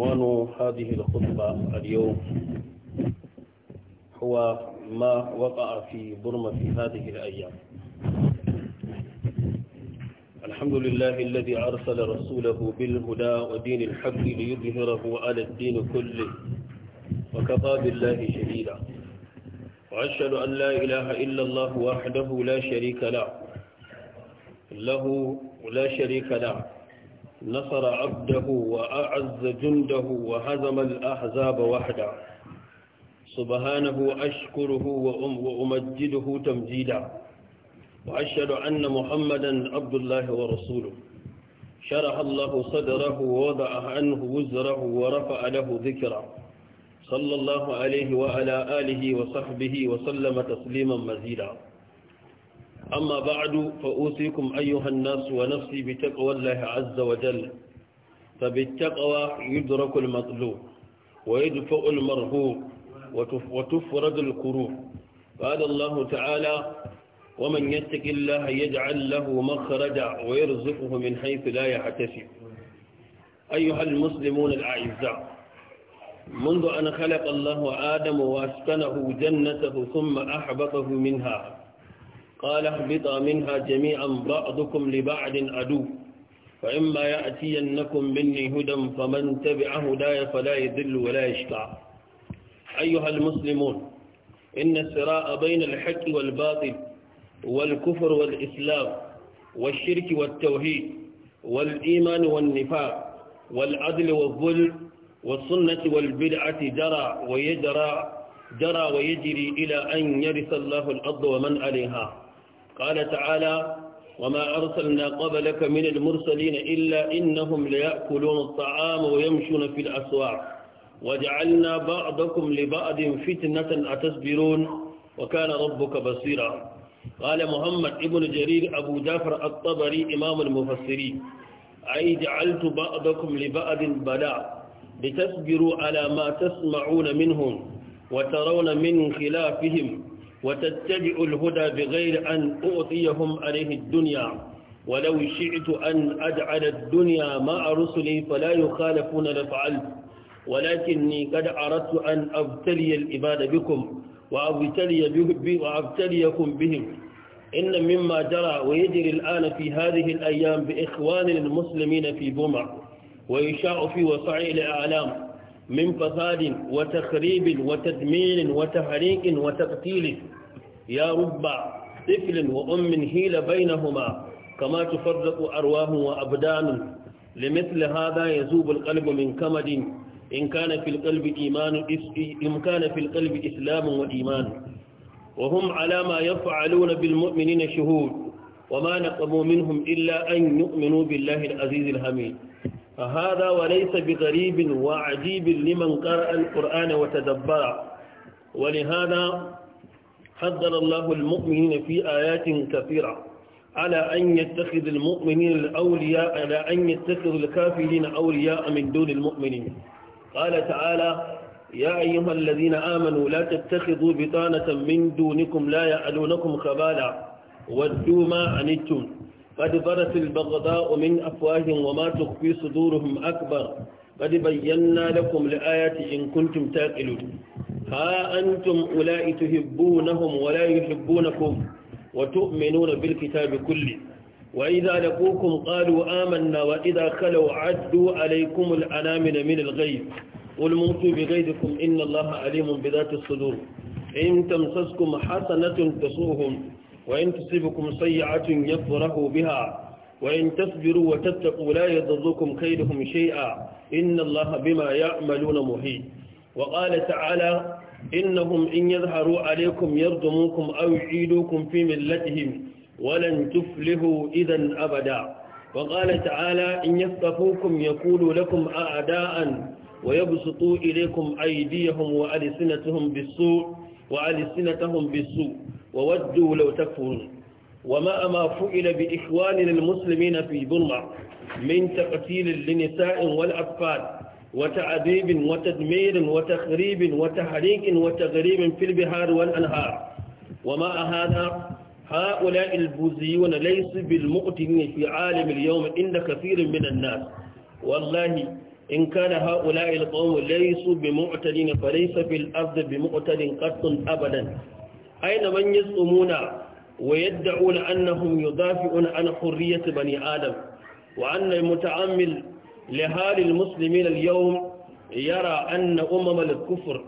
عنوان هذه الخطبة اليوم هو ما وقع في برما في هذه الأيام الحمد لله الذي أرسل رسوله بالهدى ودين الحق ليظهره على الدين كله وكفى بالله شهيدا وأشهد أن لا إله إلا الله وحده لا شريك له له لا شريك له نصر عبده وأعز جنده وهزم الأحزاب وحده سبحانه أشكره وأمجده تمجيدا وأشهد أن محمدا عبد الله ورسوله شرح الله صدره ووضع عنه وزره ورفع له ذكره صلى الله عليه وعلى آله وصحبه وسلم تسليما مزيدا أما بعد فأوصيكم أيها الناس ونفسي بتقوى الله عز وجل فبالتقوى يدرك المطلوب ويدفع المرهوب وتفرد الكروب قال الله تعالى ومن يتق الله يجعل له مخرجا ويرزقه من حيث لا يحتسب أيها المسلمون الأعزاء منذ أن خلق الله آدم وأسكنه جنته ثم أحبطه منها قال اهبطا منها جميعا بعضكم لبعض عدو فإما يأتينكم مني هدى فمن تبع هداي فلا يذل ولا يشفع أيها المسلمون إن الصراع بين الحق والباطل والكفر والإسلام والشرك والتوحيد والإيمان والنفاق والعدل والظلم والسنة والبدعة جرى ويجرى جرى ويجري إلى أن يرث الله الأرض ومن عليها قال تعالى وما أرسلنا قبلك من المرسلين إلا إنهم ليأكلون الطعام ويمشون في الأسواق وجعلنا بعضكم لبعض فتنة أتصبرون وكان ربك بصيرا قال محمد ابن جرير أبو جعفر الطبري إمام المفسرين أي جعلت بعضكم لبعض بلاء لتصبروا على ما تسمعون منهم وترون من خلافهم وتتبع الهدى بغير أن أعطيهم عليه الدنيا ولو شئت أن أجعل الدنيا مع رسلي فلا يخالفون لفعلت ولكني قد أردت أن أبتلي العباد بكم وأبتلي وأبتليكم بهم إن مما جرى ويجري الآن في هذه الأيام بإخوان المسلمين في بومع ويشاع في وصعي الأعلام min fasadin wa takhribin wa tadmirin wa tahriqin wa taqtilin ya rubba طفل وأم هيل بينهما كما تفرق أرواح وأبدان لمثل هذا يذوب القلب من كمد إن كان في القلب إيمان إن كان في القلب إسلام وإيمان وهم على ما يفعلون بالمؤمنين شهود وما نقموا منهم إلا أن يؤمنوا بالله العزيز الحميد فهذا وليس بغريب وعجيب لمن قرأ القرآن وتدبر ولهذا حذر الله المؤمنين في آيات كثيرة على أن يتخذ المؤمنين الأولياء على أن يتخذ الكافرين أولياء من دون المؤمنين قال تعالى يا أيها الذين آمنوا لا تتخذوا بطانة من دونكم لا يألونكم خبالا ودوا ما عنتم قد برت البغضاء من أفواههم وما تخفي صدورهم أكبر قد بينا لكم الآيات إن كنتم تاقلون ها أنتم أولئي تحبونهم ولا يحبونكم وتؤمنون بالكتاب كله وإذا لقوكم قالوا آمنا وإذا خلوا عدوا عليكم الأنامن من الغيب قل موتوا بغيظكم إن الله عليم بذات الصدور إن تمسسكم حسنة تسوهم وإن تصيبكم سيئة يفرحوا بها وإن تصبروا وتتقوا لا يضركم كيدهم شيئا إن الله بما يعملون محيط وقال تعالى إنهم إن يظهروا عليكم يرجموكم أو يعيدوكم في ملتهم ولن تفلحوا إذا أبدا وقال تعالى إن يثقفوكم يقولوا لكم أعداء ويبسطوا إليكم أيديهم وألسنتهم بالسوء وألسنتهم بالسوء وودوا لو تكفرون وما ما فعل بإخواننا المسلمين في برما من تقتيل لنساء والأطفال وتعذيب وتدمير وتخريب وتحريك وتغريب في البحار والأنهار وما هذا هؤلاء البوذيون ليس بالمؤتمين في عالم اليوم عند كثير من الناس والله إن كان هؤلاء القوم ليسوا بمعتدين فليس في الأرض بمعتد قط أبدا أين من يصومون ويدعون أنهم يدافعون عن حرية بني آدم وأن المتعامل لهال المسلمين اليوم يرى أن أمم الكفر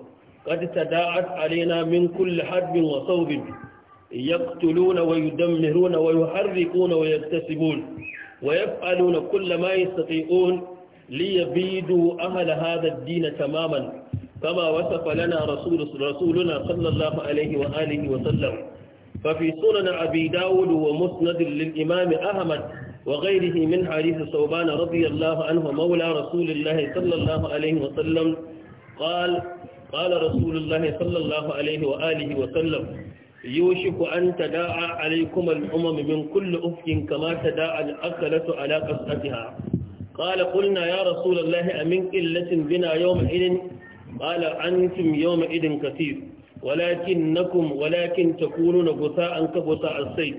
قد تداعت علينا من كل حدب وصوب يقتلون ويدمرون ويحرقون ويكتسبون ويفعلون كل ما يستطيعون ليبيدوا أهل هذا الدين تماما كما وصف لنا رسول رسولنا صلى الله عليه وآله وسلم ففي سنن أبي داود ومسند للإمام أحمد وغيره من حديث ثوبان رضي الله عنه مولى رسول الله صلى الله عليه وسلم قال قال رسول الله صلى الله عليه وآله وسلم يوشك أن تداعى عليكم الأمم من كل أفك كما تداعى الأكلة على قصتها قال قلنا يا رسول الله أمن قلة بنا يومئذ qala antum yawma idin kathir walakinnakum walakin takununa gusa'an kabusa as-sayf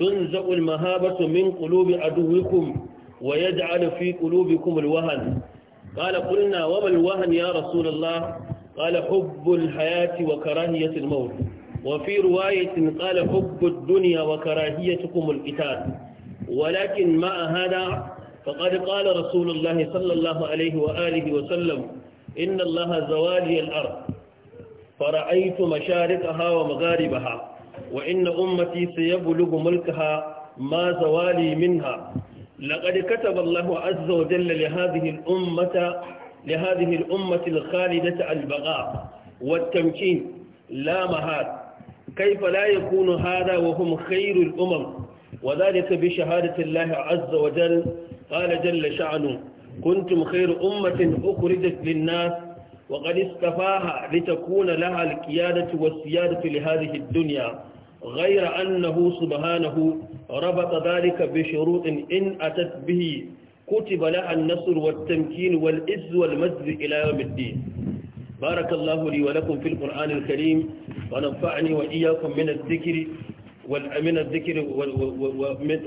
tunza'u al-mahabatu min qulubi aduwikum wa yaj'alu fi qulubikum al-wahn قال قلنا وما الوهن يا رسول الله قال حب الحياة وكراهية الموت وفي رواية قال حب الدنيا وكراهيتكم القتال ولكن مع هذا فقد قال رسول الله صلى الله عليه وآله وسلم إن الله زوالي الأرض فرأيت مشارقها ومغاربها وإن أمتي سيبلغ ملكها ما زوالي منها لقد كتب الله عز وجل لهذه الأمة لهذه الأمة الخالدة البغاء والتمكين لا مهاد كيف لا يكون هذا وهم خير الأمم وذلك بشهادة الله عز وجل قال جل شعنه kuntum khairu ummatin ukhrijat lin-nas wa litakuna laha al-qiyadatu was-siyadatu li hadhihi ad-dunya ghayra annahu subhanahu rabata dhalika bi shurutin in atat bihi kutiba laha an wal-izz ila بارك الله لي ولكم في القرآن الكريم ونفعني وإياكم من الذكر والأمن الذكر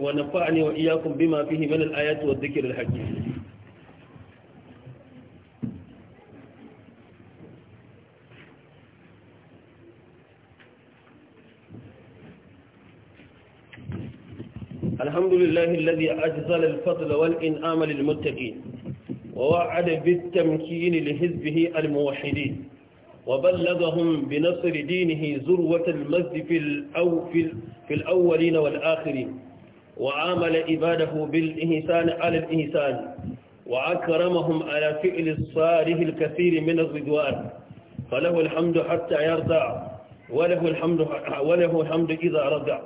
ونفعني وإياكم بما فيه من الآيات والذكر الحكيم الحمد لله الذي أجزل الفضل والإنعام للمتقين ووعد بالتمكين لحزبه الموحدين وبلغهم بنصر دينه ذروة المجد في, الأو في, في الأولين والآخرين وعامل عباده بالإحسان على الإحسان وأكرمهم على فعل الصالح الكثير من الرضوان فله الحمد حتى يرضى وله الحمد, وله الحمد إذا رضى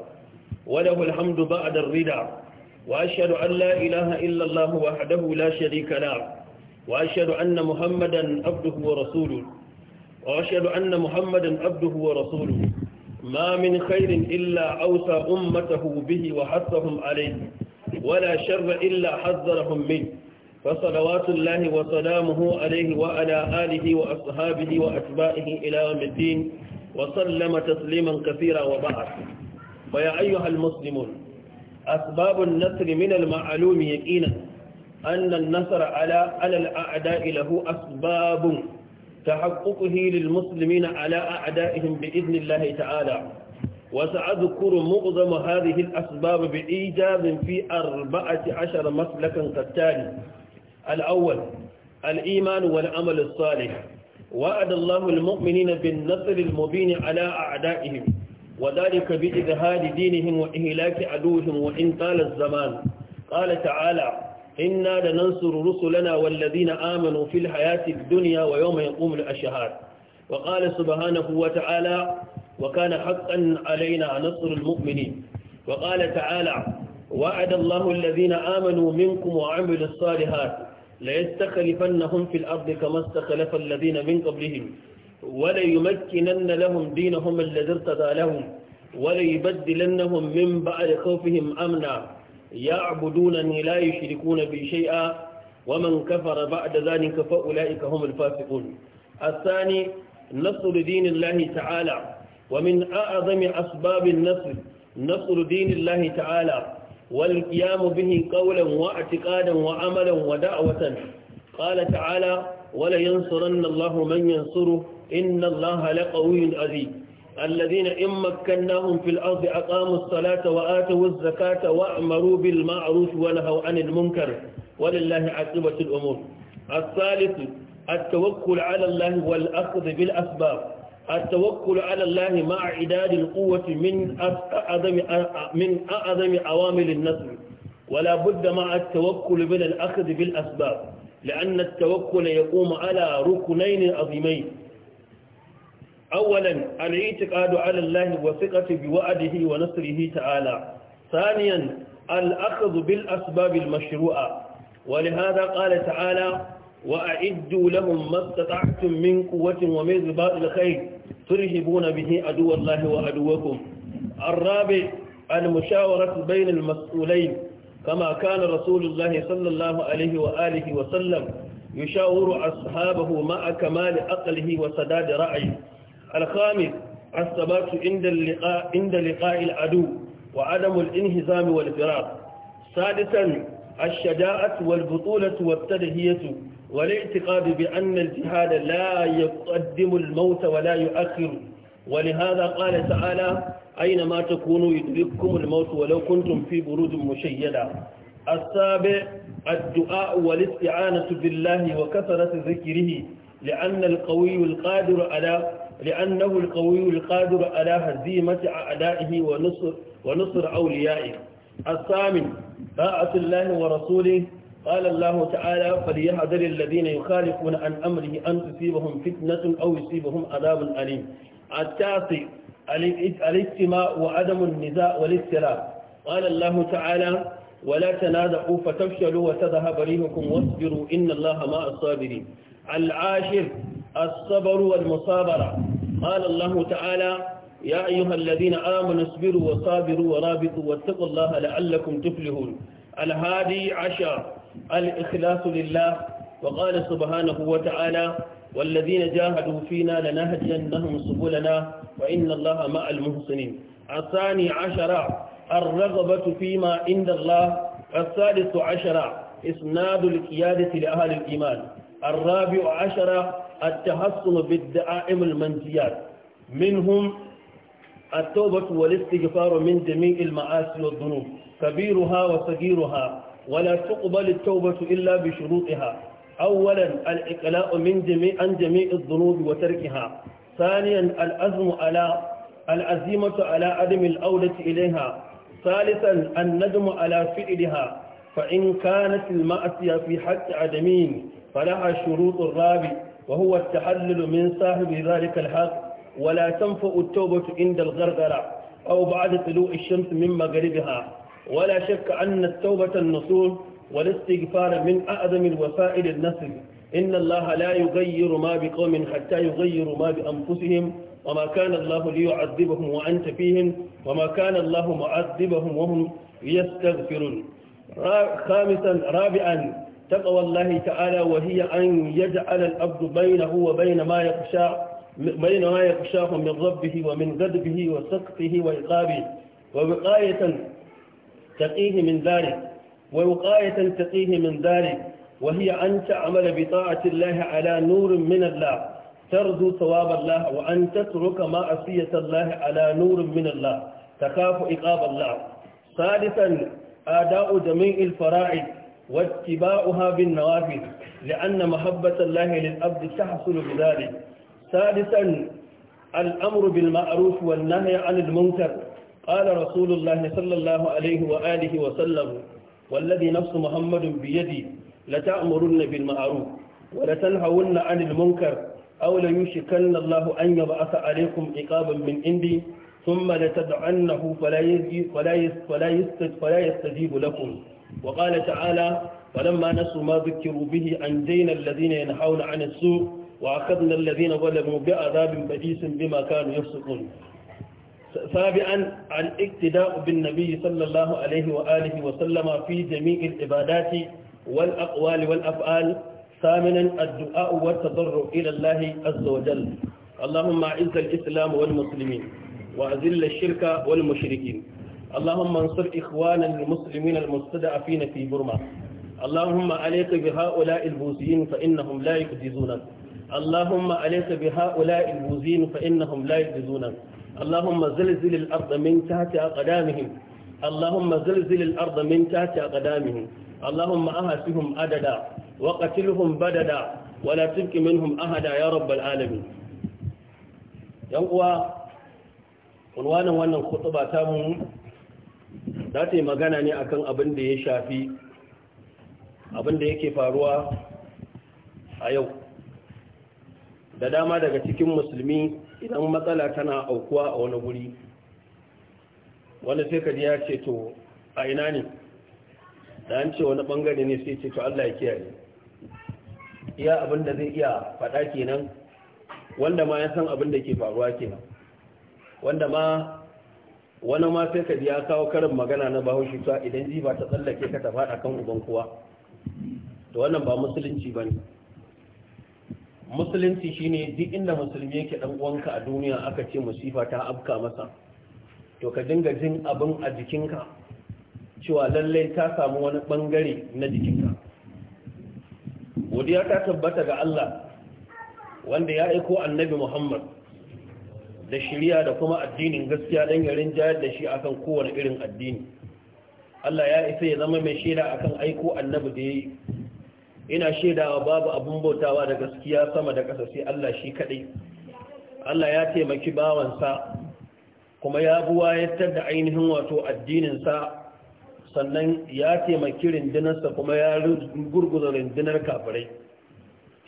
وله الحمد بعد الرضا وأشهد أن لا إله إلا الله وحده لا شريك له وأشهد أن محمدا عبده ورسوله وأشهد أن محمدا عبده ورسوله ما من خير إلا أوصى أمته به وحثهم عليه ولا شر إلا حذرهم منه فصلوات الله وسلامه عليه وعلى آله وأصحابه وأتباعه إلى يوم الدين وسلم تسليما كثيرا وبعد ويا أيها المسلمون أسباب النصر من المعلوم يقينا أن النصر على على الأعداء له أسباب تحققه للمسلمين على أعدائهم بإذن الله تعالى وسأذكر معظم هذه الأسباب بإيجاب في أربعة عشر مسلكا كالتالي الأول الإيمان والعمل الصالح وعد الله المؤمنين بالنصر المبين على أعدائهم وذلك بإذهاد دينهم وإهلاك عدوهم وإن طال الزمان قال تعالى إنا لننصر رسلنا والذين آمنوا في الحياة الدنيا ويوم يقوم الأشهاد وقال سبحانه وتعالى وكان حقا علينا نصر المؤمنين وقال تعالى وعد الله الذين آمنوا منكم وعملوا الصالحات ليستخلفنهم في الأرض كما استخلف الذين من قبلهم ولا يمكنن لهم دينهم الذي ارتضى لهم ولا يبدلنهم من بعد خوفهم أمنا يعبدونني لا يشركون بي شيئا ومن كفر بعد ذلك فأولئك هم الفاسقون الثاني نصر دين الله تعالى ومن أعظم أسباب النصر نصر دين الله تعالى والقيام به قولا واعتقادا وعملا ودعوة قال تعالى ولينصرن الله من ينصره إن الله لقوي عزيز الذين إن مكناهم في الأرض أقاموا الصلاة وآتوا الزكاة وأمروا بالمعروف ونهوا عن المنكر ولله عاقبة الأمور الثالث التوكل على الله والأخذ بالأسباب التوكل على الله مع عداد القوة من أعظم من أعظم عوامل النصر ولا بد مع التوكل من الأخذ بالأسباب لأن التوكل يقوم على ركنين عظيمين أولا الاعتقاد على الله وثقة بوعده ونصره تعالى ثانيا الأخذ بالأسباب المشروعة ولهذا قال تعالى وأعدوا لهم ما استطعتم من قوة ومن رباط الخير ترهبون به عدو الله وعدوكم الرابع المشاورة بين المسؤولين كما كان رسول الله صلى الله عليه وآله وسلم يشاور أصحابه مع كمال أقله وسداد رأيه الخامس الثبات عند اللقاء عند لقاء العدو وعدم الانهزام والفراق سادسا الشجاعة والبطولة والتدهية والاعتقاد بأن الجهاد لا يقدم الموت ولا يؤخر ولهذا قال تعالى أينما تكونوا يدرككم الموت ولو كنتم في برود مشيدة السابع الدعاء والاستعانة بالله وكثرة ذكره لأن القوي القادر على لأنه القوي القادر على هزيمة أعدائه ونصر, ونصر أوليائه الثامن طاعة الله ورسوله قال الله تعالى فليحذر الذين يخالفون عن أمره أن تصيبهم فتنة أو يصيبهم عذاب أليم التاسع الاجتماع وعدم النزاع والاختلاف قال الله تعالى ولا تنازعوا فتفشلوا وتذهب ريحكم واصبروا إن الله مع الصابرين العاشر الصبر والمصابرة قال الله تعالى يا أيها الذين آمنوا اصبروا وصابروا ورابطوا واتقوا الله لعلكم تفلحون الهادي عشر الإخلاص لله وقال سبحانه وتعالى والذين جاهدوا فينا لنهجنهم سبلنا وإن الله مع المحسنين الثاني عشر الرغبة فيما عند الله الثالث عشر إسناد القيادة لأهل الإيمان الرابع عشر التحصن بالدعائم المنزيات منهم التوبة والاستغفار من جميع المعاصي والذنوب كبيرها وصغيرها ولا تقبل التوبة إلا بشروطها أولا الإقلاء من جميع عن جميع الذنوب وتركها ثانيا الأزم على العزيمة على عدم الأولة إليها ثالثا الندم على فعلها فإن كانت المأسية في حق عدمين فلها شروط الرابع وهو التحلل من صاحب ذلك الحق ولا تنفع التوبة عند الغرغرة أو بعد طلوع الشمس من مغربها ولا شك أن التوبة النصول والاستغفار من أعظم الوسائل النصب إن الله لا يغير ما بقوم حتى يغيروا ما بأنفسهم وما كان الله ليعذبهم وأنت فيهم وما كان الله معذبهم وهم يستغفرون خامسا رابعا تقوى الله تعالى وهي أن يجعل الأبد بينه وبين ما يخشى بين ما يخشاه من ربه ومن غضبه وسخطه وعقابه ووقاية تقيه من ذلك ووقاية تقيه من ذلك وهي أن تعمل بطاعة الله على نور من الله ترجو ثواب الله وأن تترك معصية الله على نور من الله تخاف عقاب الله ثالثا أداء جميع الفرائض واتباعها بالنوافل لأن محبة الله للأبد تحصل بذلك ثالثا الأمر بالمعروف والنهي عن المنكر قال رسول الله صلى الله عليه وآله وسلم والذي نفس محمد بيدي لتأمرن بالمعروف ولتنهون عن المنكر أو ليشكن الله أن يبعث عليكم عقابا من عندي ثم لتدعنه فلا, فلا, فلا يستجيب لكم وقال تعالى فلما نسوا ما ذكروا به أنجينا الذين ينحون عن السوء وأخذنا الذين ظلموا بعذاب بئيس بما كانوا يفسقون سابعا الاقتداء بالنبي صلى الله عليه وآله وسلم في جميع العبادات والأقوال والأفعال ثامنا الدعاء والتضرع إلى الله عز وجل اللهم أعز الإسلام والمسلمين وأذل الشرك والمشركين اللهم انصر إخوانا المسلمين المستضعفين في برما اللهم عليك بهؤلاء البوزيين فإنهم لا يكذزونك اللهم عليك بهؤلاء البوزيين فإنهم لا يكذزونك اللهم زلزل الأرض من تحت أقدامهم اللهم زلزل الأرض من تحت أقدامهم اللهم أهسهم أددا وقتلهم بددا ولا تبك منهم أهدا يا رب العالمين ينقوى عنوانا وانا الخطبة تامهم za ta yi magana ne akan abin da ya shafi abin da yake faruwa a yau da dama daga cikin musulmi idan matsala tana aukuwa a wani guri wanda sai ka ya ce to a ina ne da an ce wani bangare ne sai ce to Allah ya kiyaye iya abin da zai iya faɗa kenan wanda ma ya san abin da ke faruwa kenan wanda ma wani ma sai ka ya kawo karin magana na bahaushe cewa idan ji ba ta tsallake ka ta faɗa kan uban kowa to wannan ba musulunci ba ne musulunci shine duk inda musulmi yake dan uwanka a duniya aka ce musifa ta afka masa to ka dinga jin abin a jikinka cewa lallai ta samu wani bangare na jikinka godiya ta tabbata ga Allah wanda ya aiko annabi Muhammad da shirya da kuma addinin gaskiya don yarin jayar da shi akan kowane irin addini Allah ya isa ya zama mai shaida akan aiko annabi da ya yi ina shaidawa babu abin bautawa da gaskiya sama da ƙasa sai Allah shi kaɗai Allah ya taimaki bawansa kuma ya buwa ya da ainihin wato addininsa sannan ya taimaki rindinarsa kuma ya gurguza rindinar kafirai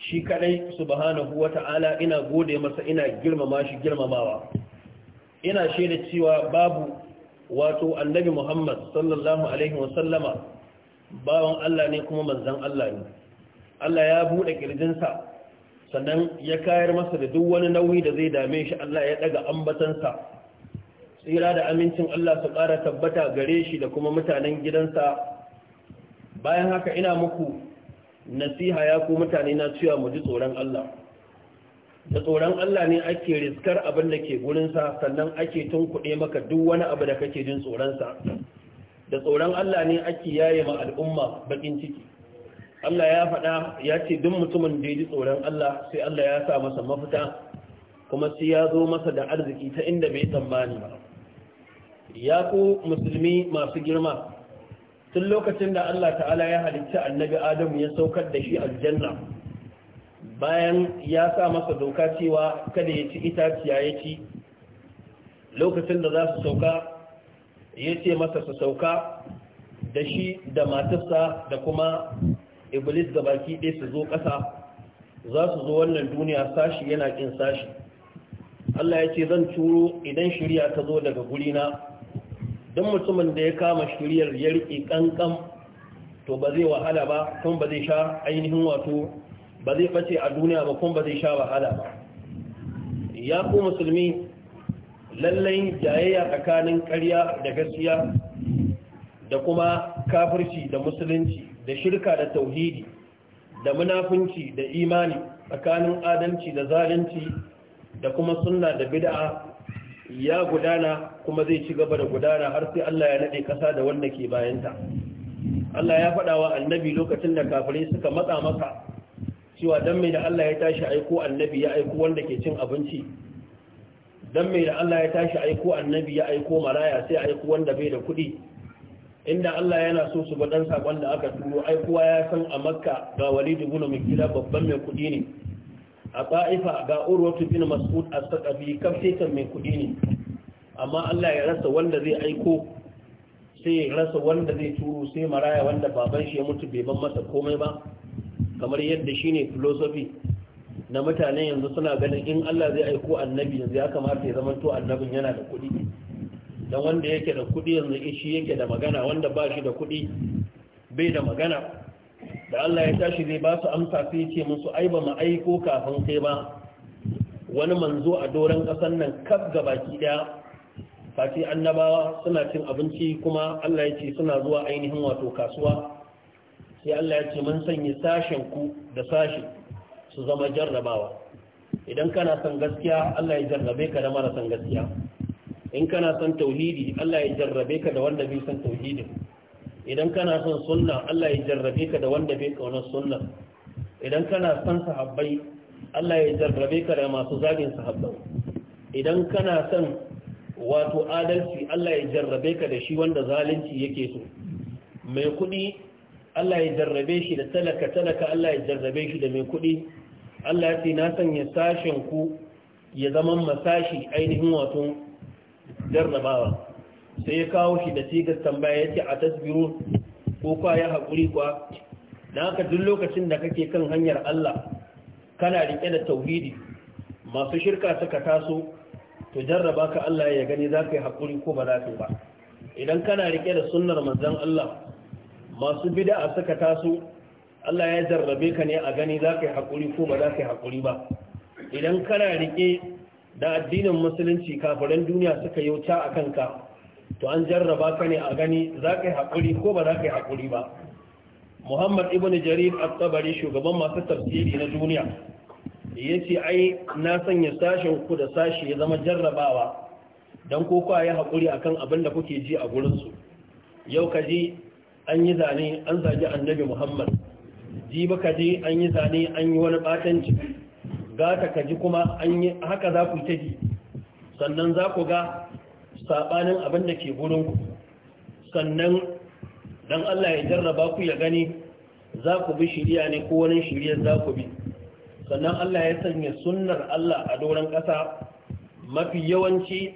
shi kadai subhanahu wata'ala ina gode masa ina girmama shi girmamawa ina shaida cewa babu wato annabi Muhammad sallallahu alaihi wa sallama, bawan Allah ne kuma manzon Allah ne Allah ya buɗe kirjinsa sannan ya kayar masa da duk wani nauyi da zai dame shi Allah ya ɗaga ambatansa tsira da amincin Allah su ƙara tabbata gare shi da kuma mutanen gidansa bayan haka ina muku nasiha ya ku mutane na cewa mu ji tsoron Allah da tsoron Allah ne ake riskar abin da ke gurinsa sannan ake tun kuɗe maka duk wani abu da kake jin tsoronsa da tsoron Allah ne ake yaye ma al'umma bakin ciki Allah ya faɗa ya ce duk mutumin da ya ji tsoron Allah sai Allah ya sa masa mafita kuma sai ya zo masa da arziki ta inda bai tsammani ba ya ku musulmi masu girma tun lokacin da Allah ta'ala ya halitta annabi Adamu ya saukar da shi aljanna bayan ya sa masa doka cewa kada ya ci itaciya ya ci lokacin da za su sauka ya ce masa su sauka da shi da matarsa da kuma iblis da baki ɗaya su zo ƙasa za su zo wannan duniya sashi yana ƙin sashi Allah ya ce zan turo idan shirya ta zo daga gurina don mutumin da ya kama shiriyar ya riƙe ƙanƙan to ba zai wahala ba kuma ba zai sha ainihin wato ba zai face a duniya ba kuma ba zai sha wahala ba ya ku musulmi lallai jayayya tsakanin ƙarya da gaskiya da kuma kafirci da musulunci da shirka da tauhidi da munafunci da imani tsakanin adalci da zalunci da kuma sunna da bid'a ya gudana kuma zai ci gaba da gudana har sai Allah ya nade kasa da wanda ke bayanta Allah ya faɗa wa annabi lokacin da kafirai suka matsa maka cewa dan mai da Allah ya tashi aiko annabi ya aiko wanda ke cin abinci dan mai da Allah ya tashi aiko annabi ya aiko maraya sai aiko wanda bai da kuɗi inda Allah yana so su dan sakon da aka turo aikuwa ya san a makka ga walidu ibn mai babban mai kuɗi ne a ta'ifa ga urwatu bin mas'ud as-saqafi kafetan mai kuɗi ne amma Allah ya rasa wanda zai aiko sai ya rasa wanda zai turo sai maraya wanda baban shi ya mutu bai ban masa komai ba kamar yadda shine philosophy na mutane yanzu suna ganin in Allah zai aiko annabi yanzu ya kamata ya zama to annabin yana da kudi dan wanda yake da kudi yanzu shi yake da magana wanda ba shi da kuɗi bai da magana da Allah ya tashi zai ba su amsa sai ya ce musu ai ba mu aiko kafin kai ba wani manzo a doron ƙasar nan kaf ga baki ɗaya fati annabawa suna cin abinci kuma Allah ya ce suna zuwa ainihin wato kasuwa sai Allah ya ce mun sanya sashen ku da sashi su zama jarrabawa idan kana son gaskiya Allah ya jarrabe ka da mara son gaskiya in kana san tauhidi Allah ya jarrabe ka da wanda bai san tauhidin idan kana son sunna Allah ya jarrabe ka da wanda bai kaunar sunna idan kana son sahabbai Allah ya jarrabe ka da masu zagin sahabbai idan kana son wato adalci Allah ya jarrabe ka da shi wanda zalunci yake so mai kuɗi, Allah ya jarrabe shi da talaka talaka Allah ya jarrabe shi da mai kuɗi. Allah ya ce na sanya sashen ku ya zama masashi ainihin wato jarrabawa sai ya kawo shi da sigar tambaya ya ce a tasbiru ko kwa ya haƙuri kwa na haka duk lokacin da kake kan hanyar Allah kana riƙe da tauhidi masu shirka suka taso to jarraba ka Allah ya gani za ka yi haƙuri ko ba za ka ba idan kana riƙe da sunnar manzon Allah masu bida'a suka taso Allah ya jarrabe ka ne a gani za ka yi haƙuri ko ba za ka yi haƙuri ba idan kana riƙe da addinin musulunci kafiran duniya suka yauta a kanka to an jarraba ka ne a gani za ka yi haƙuri ko ba za ka yi haƙuri ba muhammad ibn jarir at-tabari shugaban masu tafsiri na duniya ya ce ai na sanya sashen ku da sashi ya zama jarrabawa don ko kwa ya haƙuri akan abin da kuke ji a gurinsu yau ka ji an yi zane an zagi annabi muhammad ji ba ka ji an yi zane an yi wani batanci gata ka ji kuma an yi haka za ku ta ji sannan za ku ga sabanin abin da ke gurin ku sannan dan Allah ya jarraba ku ya gani za ku bi shiriya ne ko wani shiriyar za ku bi sannan Allah ya sanya sunnar Allah a doron ƙasa mafi yawanci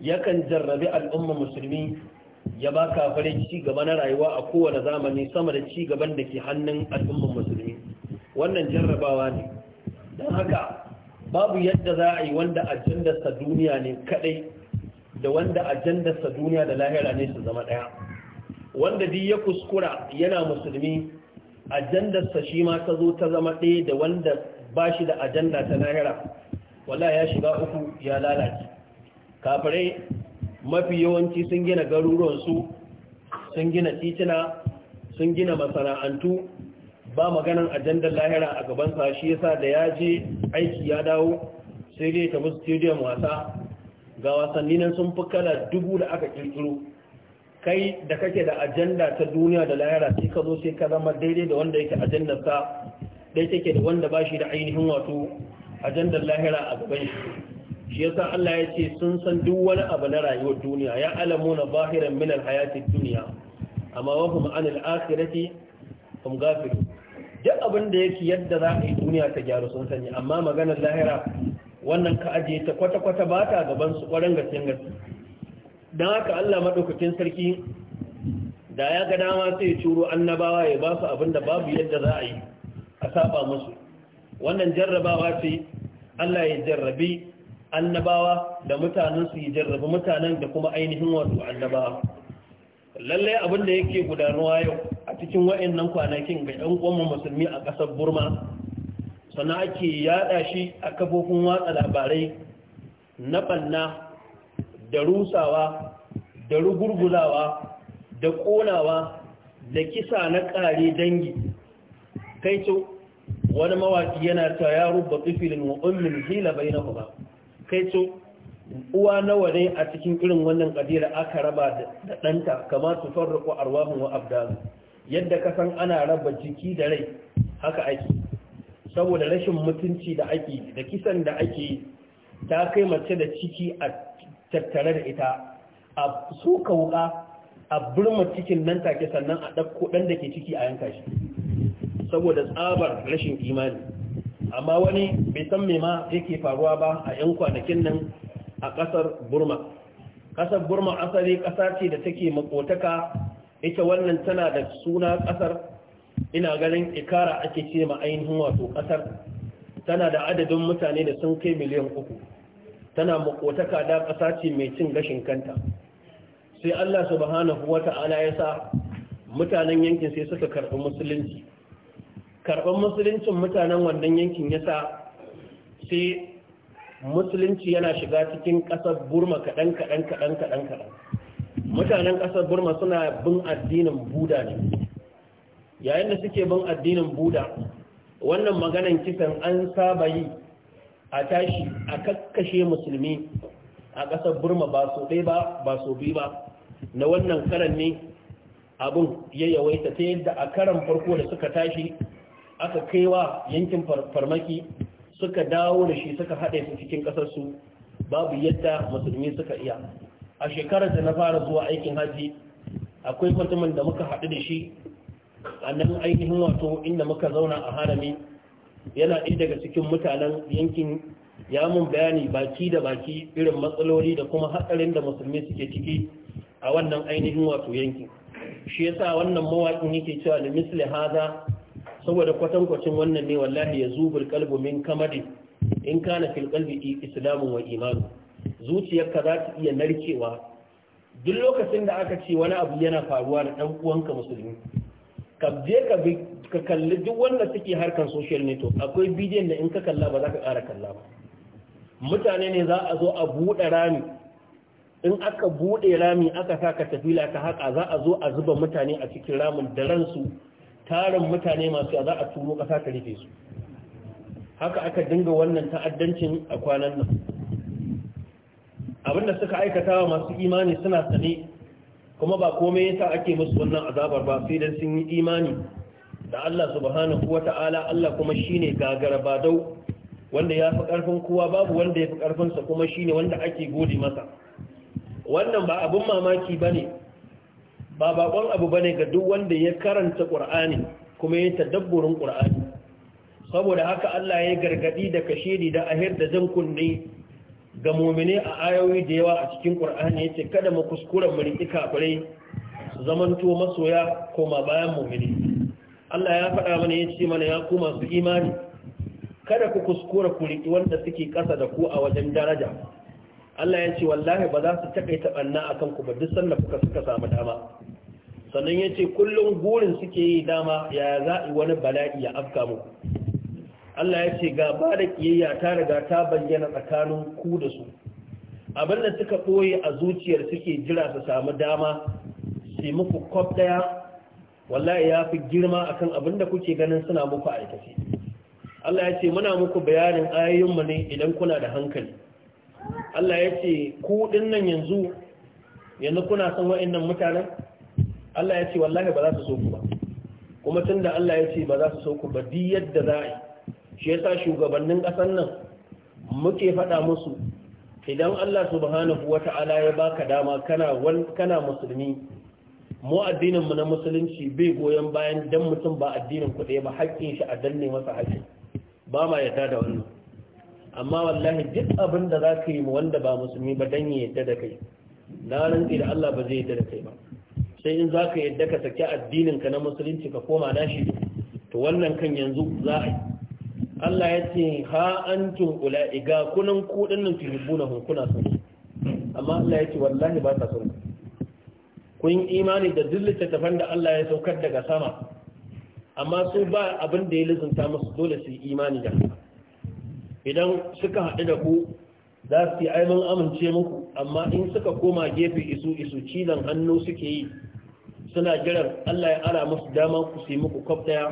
yakan jarrabi al'umma musulmi ya ba kafare ci gaba na rayuwa a kowane zamani sama da ci gaban da ke hannun al'umman musulmi wannan jarrabawa ne don haka babu yadda za a yi wanda ajandarsa duniya ne kadai da wanda ajandarsa duniya da lahira ne su zama ɗaya wanda duk ya kuskura yana musulmi ajandarsa shi ma ta zo ta zama ɗaya da wanda ba shi da ajanda ta lahira wala ya shiga uku ya lalace kafirai mafi yawanci sun gina garuruwansu sun gina titina sun gina masana'antu ba maganar ajandar lahira a gaban sa shi yasa da ya je aiki ya dawo sai dai tafi stadium wasa ga wasanni nan sun fi kala dubu da aka kirkiro kai da kake da ajanda ta duniya da lahira sai ka zo sai ka zama daidai da wanda yake ajandar sa dai take da wanda ba shi da ainihin wato ajandar lahira a gaban shi shi yasa Allah ya ce sun san duk wani abu na rayuwar duniya ya alamu na zahiran min alhayatid duniya amma wa hum an al hum ghafilun duk abin da yake yadda za a yi duniya ta gyaru sun sani amma maganar lahira wannan ka ajiye ta kwata-kwata ba ta gaban su ƙwarar gaskiyar gasi don haka allah maɗaukacin sarki da ya ga dama sai ya curo annabawa ya ba su abin da babu yadda za a yi a saba musu wannan jarrabawa ce allah ya jarrabi annabawa da mutanensu ya jarrabi mutanen da kuma ainihin wasu annabawa lallai abin da yake gudanuwa yau a cikin wa'in nan kwanakin ga 'yan ƙwamma musulmi a ƙasar burma sannan ake yada shi a kafofin watsa labarai na banna da rusawa da rugurgulawa da konawa da kisa na kare dangi kai to wani mawaki yana ta yaro ba tsifilin wa ummin hila bai na kuma kai to uwa nawa ne a cikin irin wannan ƙadira aka raba da ɗanta kamar su farraƙo arwahun wa abdalu yadda ka san ana raba jiki da rai haka ake saboda rashin mutunci da ake da kisan da ake ta kai mace da ciki a tattare da ita a suka wuka a burma cikin nan take sannan a ɗauko ɗan da ke ciki a yanka shi saboda tsabar rashin imani amma wani bai san mai ma yake faruwa ba a 'yan kwanakin nan a ƙasar burma ƙasar burma asali ƙasa ce da take makotaka ita wannan tana da suna ƙasar ina ganin ikara ake ce ma ainihin wato kasar tana da adadin mutane da sun kai miliyan uku tana makotaka da kasa ce mai cin gashin kanta sai Allah subhanahu wata'ala ya sa mutanen yankin sai suka karɓi musulunci karɓar musuluncin mutanen wannan yankin ya sa sai musulunci yana shiga cikin ƙasar burma kaɗan kaɗan kaɗan kaɗan kaɗan mutanen ƙasar burma suna bin addinin buda ne yayin da suke bin addinin buda wannan maganan kisan an saba yi a tashi a kakkashe musulmi a ƙasar burma ba so ɗaya ba ba so biyu ba na wannan karan ne abin ya yawaita ta yadda a karan farko da suka tashi aka kaiwa yankin farmaki suka dawo da shi suka haɗe su cikin ƙasarsu babu yadda musulmi suka iya a shekarar da na fara zuwa aikin haji akwai mutumin da muka haɗu da shi a ainihin wato inda muka zauna a harami yana ɗin daga cikin mutanen yankin ya mun bayani baki da baki irin matsaloli da kuma haɗarin da musulmi suke ciki a wannan ainihin wato yankin shi yasa wannan mawaƙin yake cewa da misli haza saboda kwatankwacin wannan ne wallahi ya zubul kalbu min kamadi in kana fil kalbi islamu wa imanu zuciyarka za ta iya narkewa duk lokacin da aka ce wani abu yana faruwa da ɗan uwanka musulmi ka ka bi ka kalli duk wanda suke harkar social network akwai bidiyon da in ka kalla ba za ka ƙara kalla ba mutane ne za a zo a buɗe rami in aka buɗe rami aka sa ka tafila ka haka za a zo a zuba mutane a cikin ramin da ransu tarin mutane masu za a turo ƙasa ta rufe su haka aka dinga wannan ta'addancin a kwanan nan abinda suka aikatawa masu imani suna sane kuma ba komai yasa ake musu wannan azabar ba sai dan sun yi imani da Allah subhanahu wata'ala Allah kuma shine gagara ba dau wanda ya fi karfin kowa babu wanda ya fi karfin sa kuma shine wanda ake gode masa wannan ba abun mamaki bane ba bakon abu bane ga duk wanda ya karanta Qur'ani kuma ya tadabburin Qur'ani saboda haka Allah ya gargadi da kashedi da ahir da jan kunne ga mumine a ayoyi da yawa a cikin ƙur'ani ya ce kada mu kuskura mu riƙi kafirai zamanto masoya koma bayan mumine Allah ya faɗa mana ya ce mana ya ku masu imani kada ku kuskura ku riƙi wanda suke ƙasa da ku a wajen daraja Allah ya ce wallahi ba za su taƙaita ɓanna a ku ba duk sanda kuka suka samu dama sannan ya ce kullum gurin suke yi dama ya za'i wani bala'i ya afka muku Allah ya ce gaba da kiyayya ta riga ta bayyana tsakanin ku da su abin da suka ɓoye a zuciyar suke jira su samu dama su muku kwab ɗaya wallahi ya fi girma akan abin da kuke ganin suna muku aikace Allah ya ce muna muku bayanin ayoyinmu ne idan kuna da hankali Allah ya ce ku nan yanzu yanzu kuna son wa'annan mutanen Allah ya ce wallahi ba za su so ku ba kuma tunda Allah ya ce ba za su so ku ba di yadda za a yi shi yasa shugabannin ƙasar nan muke faɗa musu idan Allah subhanahu Ta'ala ya baka dama kana kana musulmi mu addinin mu na musulunci bai goyon bayan dan mutum ba addinin ku ba haƙƙin shi a danne masa haƙƙi ba ma yarda da wannan amma wallahi duk abin da zaka yi mu wanda ba musulmi ba dan ya yarda da kai na rantsi da Allah ba zai yarda da kai ba sai in zaka yarda ka saki addinin ka na musulunci ka koma nashi to wannan kan yanzu za a Allah ya ce ha tun kula iga kunan ku nan tuhibbuna hum na son sun amma Allah ya ce wallahi ba ta son kun imani da duk tafan da Allah ya saukar daga sama amma su ba abin da ya lizinta musu dole su imani da idan suka haɗu da ku za su yi aimin amince muku amma in suka koma gefe isu isu cizon hannu suke yi suna jiran Allah ya ara musu dama ku sai muku kwaf daya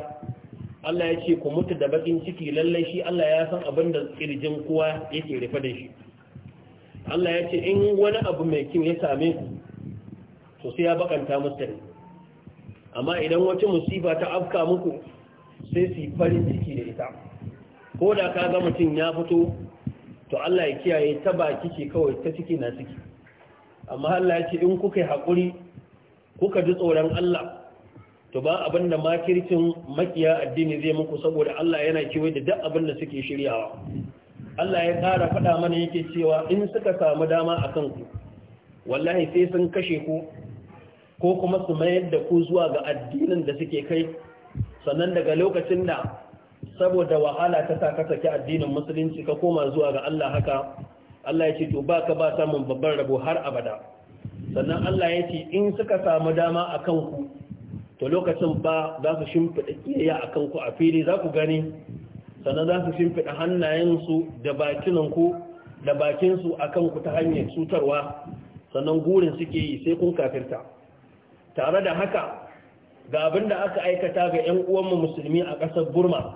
Allah ya ce ku mutu da bakin ciki lallai shi Allah ya san abin da kirjin kowa yake rufe da shi Allah ya ce in wani abu mai kyau ya same ku to sai ya bakanta musu ne amma idan wata musiba ta afka muku sai su farin ciki da ita ko da ka ga mutum ya fito to Allah ya kiyaye ta baki ce kawai ta ciki na ciki amma Allah ya ce in kuka yi haƙuri kuka ji tsoron Allah to ba abin da makircin makiya addini zai muku saboda Allah yana kewaye da duk abin da suke shiryawa Allah ya ƙara faɗa mana yake cewa in suka samu dama a kanku wallahi sai sun kashe ku ko kuma su mayar da ku zuwa ga addinin da suke kai sannan daga lokacin da saboda wahala ta sa saki addinin musulunci ka koma zuwa ga Allah haka Allah ya ce to ba ka ba samun babban rabo har abada sannan Allah ya ce in suka samu dama a kanku to lokacin ba za su shimfiɗa kiyayya a kanku a fili za ku gani sannan za su shimfiɗa hannayensu da bakinanku da bakinsu a kanku ta hanyar cutarwa sannan gurin suke yi sai kun kafirta tare da haka ga abin da aka aikata ga 'yan uwanmu musulmi a ƙasar burma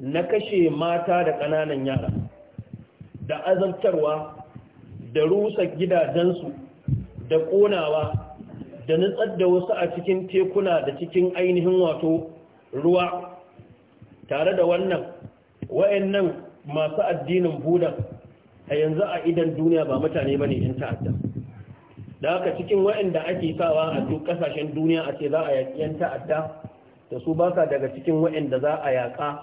na kashe mata da ƙananan yara da azabtarwa da rusa gidajensu da ƙonawa da nutsar da wasu a cikin tekuna da cikin ainihin wato ruwa tare da wannan wayannan masu addinin buda a yanzu a idan duniya ba mutane ba ne in ta'adda da haka cikin wayanda ake sawa a duk kasashen duniya a ce za a yaƙi yan ta'adda da su ba sa daga cikin da za a yaƙa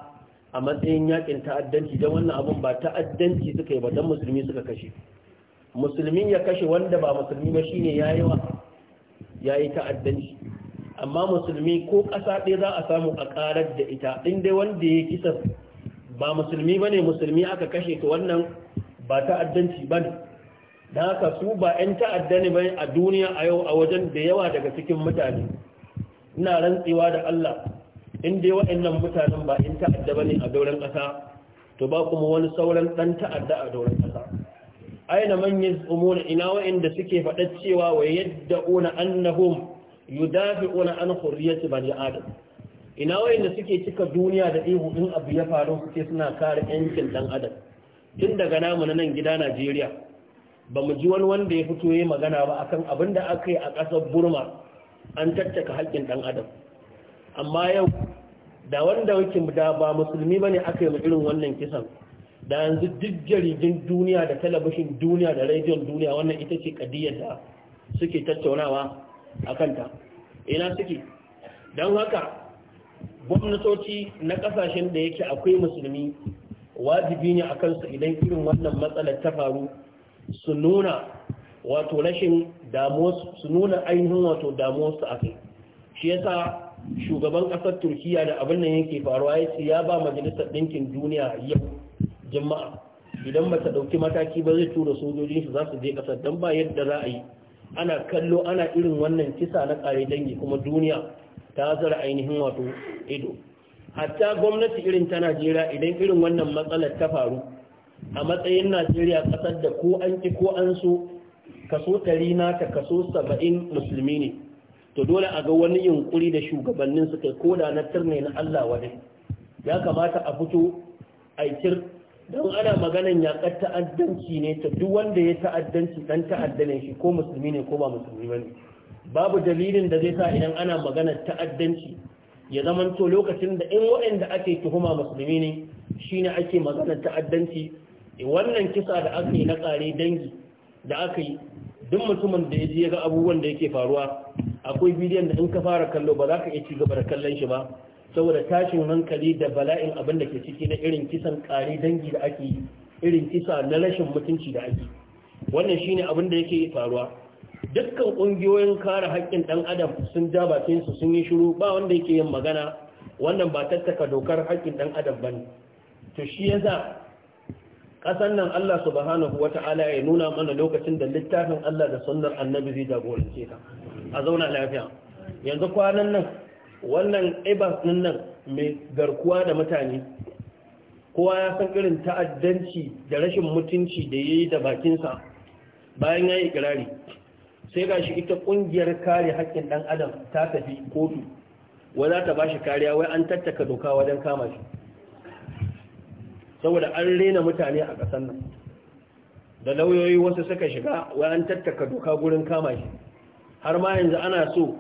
a matsayin yaƙin ta'addanci don wannan abun ba ta'addanci suka yi ba don musulmi suka kashe musulmi ya kashe wanda ba musulmi ba shine yayi wa ya yi ta'addanci amma musulmi ko ƙasa ɗaya za a samu a ƙarar da ita inda wanda ya kisa ba musulmi ba ne musulmi aka kashe ta wannan ba ta'addanci ba ne da haka su ba 'yan ta'adda ne ba a duniya a yau a wajen da yawa daga cikin mutane ina rantsewa da Allah in dai waɗannan mutanen ba 'yan ta'adda ba ne a dauran ƙasa to ba kuma wani sauran ɗan ta'adda a dauran ƙasa aina manyan yazumuna ina wa'inda suke faɗa cewa wa yadda'una annahum yudafi'una an hurriyati bani adam ina wa'inda suke cika duniya da ihu in abu ya faru suke suna kare yankin dan adam tun daga namu na nan gida Najeriya ba mu ji wani wanda ya fito ya magana ba akan abin da aka yi a ƙasar Burma an tattaka haƙƙin dan adam amma yau da wanda muke da ba musulmi bane aka yi irin wannan kisan da yanzu duk jaridun duniya da talabishin duniya da rediyon duniya wannan ita ce kadiyar da suke tattaunawa a kanta ina suke don haka gwamnatoci na kasashen da yake akwai musulmi wajibi ne a kansu idan irin wannan matsalar ta faru su nuna wato rashin damuwarsu su nuna ainihin wato damuwarsu a kai shi yasa shugaban kasar turkiya da abin nan yake faruwa ya ya ba majalisar ɗinkin duniya yau jama'a idan ba ta ɗauki mataki ba zai tura sojojin su za su je kasar don ba yadda za a yi ana kallo ana irin wannan kisa na kare dangi kuma duniya ta zara ainihin wato ido hatta gwamnati irin ta najeriya idan irin wannan matsalar ta faru a matsayin najeriya kasar da ko an ki ko an so kaso ɗari na ta kaso saba'in musulmi ne to dole a ga wani yunkuri da shugabannin suka ko da na turne na allah wani ya kamata a fito a don ana maganan yakar ta'addanci ne ta duk wanda ya ta'addanci dan ta'adda ne shi ko musulmi ne ko ba musulmi ba ne babu dalilin da zai sa idan ana magana ta'addanci ya zamanto lokacin da in waɗanda ake tuhuma musulmi ne shine ake maganar ta'addanci e, wannan kisa da aka yi na ƙare dangi da aka yi duk mutumin da ya ji ya ga abubuwan da yake faruwa akwai bidiyon da in ka fara kallo ba za ka iya ci gaba da kallon shi ba saboda tashin hankali da bala'in abin da ke ciki na irin kisan kare dangi da ake yi irin kisa na rashin mutunci da ake wannan shine abin da yake faruwa dukkan ƙungiyoyin kare haƙƙin ɗan adam sun ja bakin su sun yi shiru ba wanda yake yin magana wannan ba tattaka dokar haƙƙin ɗan adam bane to shi yasa kasan nan Allah subhanahu wata'ala ya nuna mana lokacin da littafin Allah da sunnar annabi zai jagorance ka a zauna lafiya yanzu kwanan nan wannan ibas din nan mai garkuwa da mutane kowa ya san irin ta'addanci da rashin mutunci da yayi da bakinsa bayan ya yi kirari, sai ga shi ita ƙungiyar kare haƙƙin ɗan adam ta tafi kotu wai za ta bashi kariya wai an tattaka doka wajen kama shi saboda an rena mutane a ƙasar nan da lauyoyi wasu suka shiga wai an tattaka doka gurin kama shi har ma yanzu ana so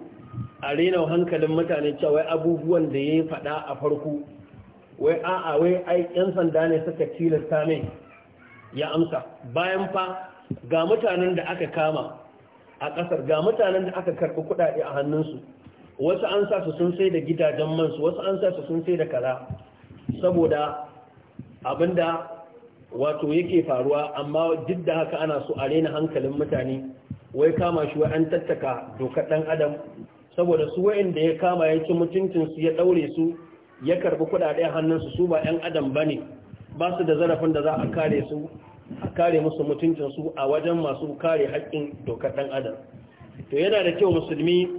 a rena hankalin mutane cewa abubuwan da ya yi faɗa a farko wai a'a wai ai yan sanda ne suka tilasta mai ya amsa bayan fa ga mutanen da aka kama a ƙasar ga mutanen da aka karɓi kuɗaɗe a hannunsu wasu an sa su sun sai da gidajen mansu wasu an sa su sun sai da kaza saboda abinda wato yake faruwa amma duk da haka ana so a rena hankalin mutane wai kama shi wai an tattaka dokar ɗan adam saboda su wa'anda ya kama ya ci mutuncinsu ya ɗaure su ya karbi kuɗaɗen hannunsu su ba 'yan adam ba ne ba su da zarafin da za a kare su a kare musu mutuncinsu a wajen masu kare haƙƙin dokar ɗan adam to yana da kyau musulmi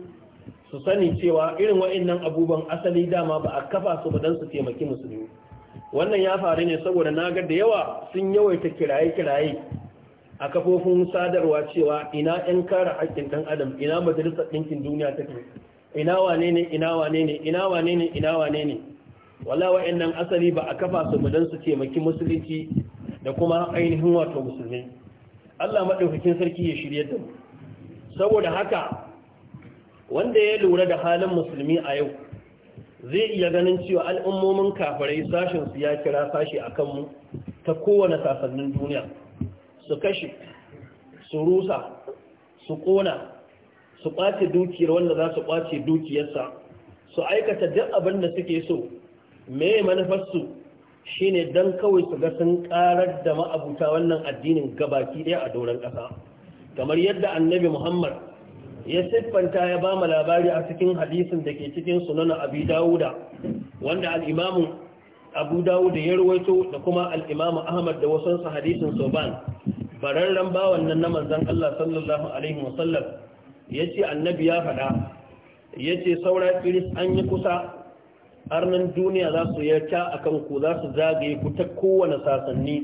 su sani cewa irin nan abubuwan asali dama ba a kafa su ba don su taimaki musulmi wannan ya faru ne saboda na ga da yawa sun yawaita kiraye-kiraye a kafofin sadarwa cewa ina 'yan kare haƙƙin ɗan adam ina majalisar ɗinkin duniya take ina wane ne ina wane ne ina wane ne ina wane ne wala nan asali ba a kafa su don su taimaki musulunci da kuma ainihin wato musulmi Allah maɗaukakin sarki ya shirya da mu saboda haka wanda ya lura da halin musulmi a yau zai iya ganin cewa al'ummomin kafirai sashen su ya kira sashi akan mu ta kowane sasannin duniya su kashe su rusa su ƙona su ƙwace dukiyar wanda za su ƙwace dukiyarsa su aikata duk abin da suke so me manufarsu ne don kawai su ga sun ƙarar da ma'abuta wannan addinin gabaki ɗaya a doron ƙasa kamar yadda annabi muhammad ya siffanta ya ba mu labari a cikin hadisin da ke cikin sunan abi dawuda wanda al'imamun abu dawuda ya ruwaito da kuma al'imamun ahmad da wasansa hadisin soban bararren bawan nan na manzan Allah sallallahu alaihi wasallam ya ce annabi ya faɗa ya ce saura iris an yi kusa arnin duniya za su yarta a kanku za su zagaye ku ta kowane sasanni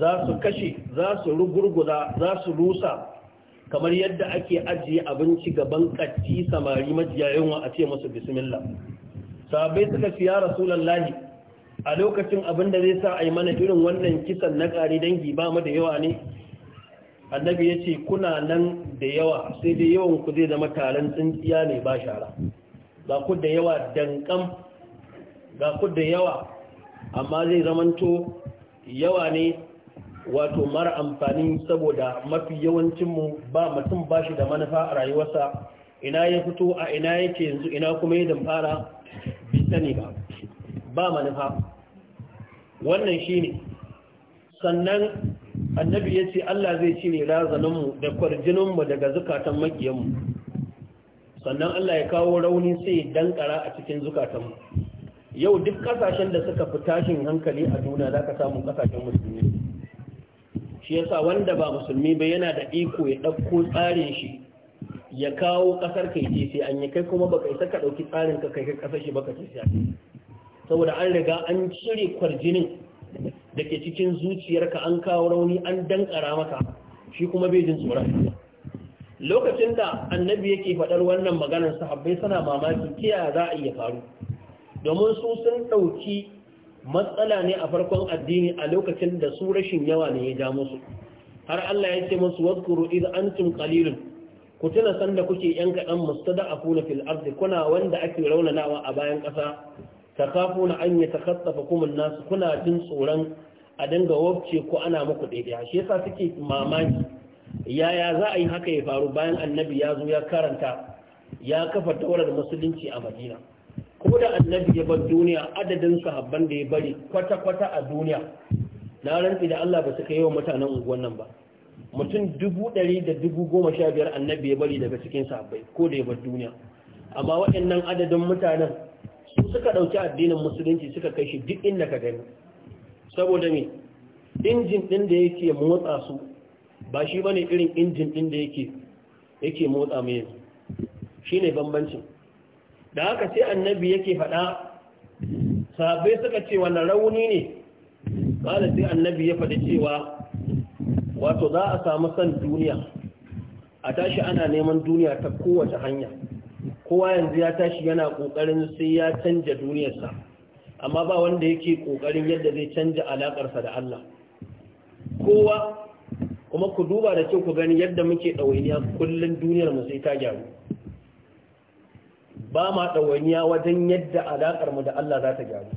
za su kashe za su rugurguza za su rusa kamar yadda ake ajiye abinci gaban ƙatti samari majiya yunwa a ce musu bismillah sabai suka siya rasulullahi a lokacin abin da zai sa a yi mana irin wannan kisan na ƙari dangi ba mu da yawa ne annabi ya ce kuna nan da yawa sai dai yawan ku zai zama taron tsintsiya ne ba shara ga ku da yawa dankam ga ku da yawa amma zai zamanto yawa ne wato mara amfani saboda mafi yawancinmu ba mutum ba shi da manufa a rayuwarsa ina ya fito a ina yake yanzu ina kuma ya damfara bi sani ba ba manufa wannan shi ne. sannan annabi ya ce Allah zai cire razaninmu da kwarjininmu daga zukatan makiyanmu sannan Allah ya kawo rauni sai dankara a cikin zukatanmu yau duk kasashen da suka fi tashin hankali a duniya za ka samu kasashen musulmi shi ya sa wanda ba musulmi ba yana da iko ya ɗauko tsarin shi ya kawo ƙasar kai ce sai an yi kai kuma baka isa ka ɗauki tsarin ka kai kasar shi ka ce sai saboda an riga an cire kwarjinin da ke cikin zuciyarka an kawo rauni an dankara maka shi kuma bai jin tsoron lokacin da annabi yake faɗar wannan maganar sahabbai suna mamaki kiya za a iya faru domin su sun ɗauki matsala ne a farkon addini a lokacin da su rashin yawa ne ya ja musu har Allah ya ce musu wazkuru id antum qalilun ku tuna sanda kuke yan kadan mustada'afuna fil ardi kuna wanda ake raunanawa a bayan ƙasa takafuna an takasafa kuma nasu kuna jin tsoron a dinga wabce ko ana muku daidai shi yasa suke mamaki yaya za a yi haka ya faru bayan annabi ya zo ya karanta ya kafa taurar musulunci a madina ko da annabi ya bar duniya adadin sahabban da ya bari kwata-kwata a duniya na rantsi da Allah ba su kai wa mutanen unguwan nan ba mutum dubu ɗari da dubu goma sha biyar annabi ya bari daga cikin sahabbai ko da ya bar duniya amma waɗannan adadin mutanen su suka ɗauki addinin musulunci suka kai shi duk inda ka gani saboda me injin ɗin da yake motsa su ba shi bane irin injin ɗin da yake yake motsa mai yanzu shine bambancin da haka sai annabi yake faɗa sabai suka ce wani rauni ne ƙala sai annabi ya faɗi cewa wato za a samu san duniya a tashi ana neman duniya ta kowace hanya kowa yanzu ya tashi yana ƙoƙarin sai ya canja duniyarsa amma ba wanda yake ƙoƙarin yadda zai canja alakarsa da Allah kowa kuma ku duba da kyau ku gani yadda muke ɗawainiya kullum duniyar mu sai ta gyaru ba ma dawainiya wajen yadda alakar mu da Allah za ta gyaru